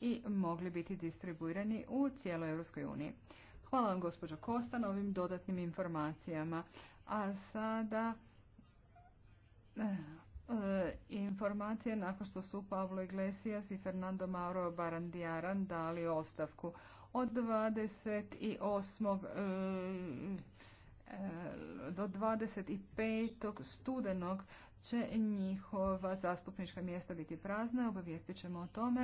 i mogli biti distribuirani u cijeloj Europskoj uniji. Hvala vam gospođo Kosta na ovim dodatnim informacijama. A sada eh, eh, informacije nakon što su Pablo Iglesias i Fernando Mauro Barandijaran dali ostavku. Od 28. Eh, do 25. studenog će njihova zastupnička mjesta biti prazna. Obavijestit ćemo o tome.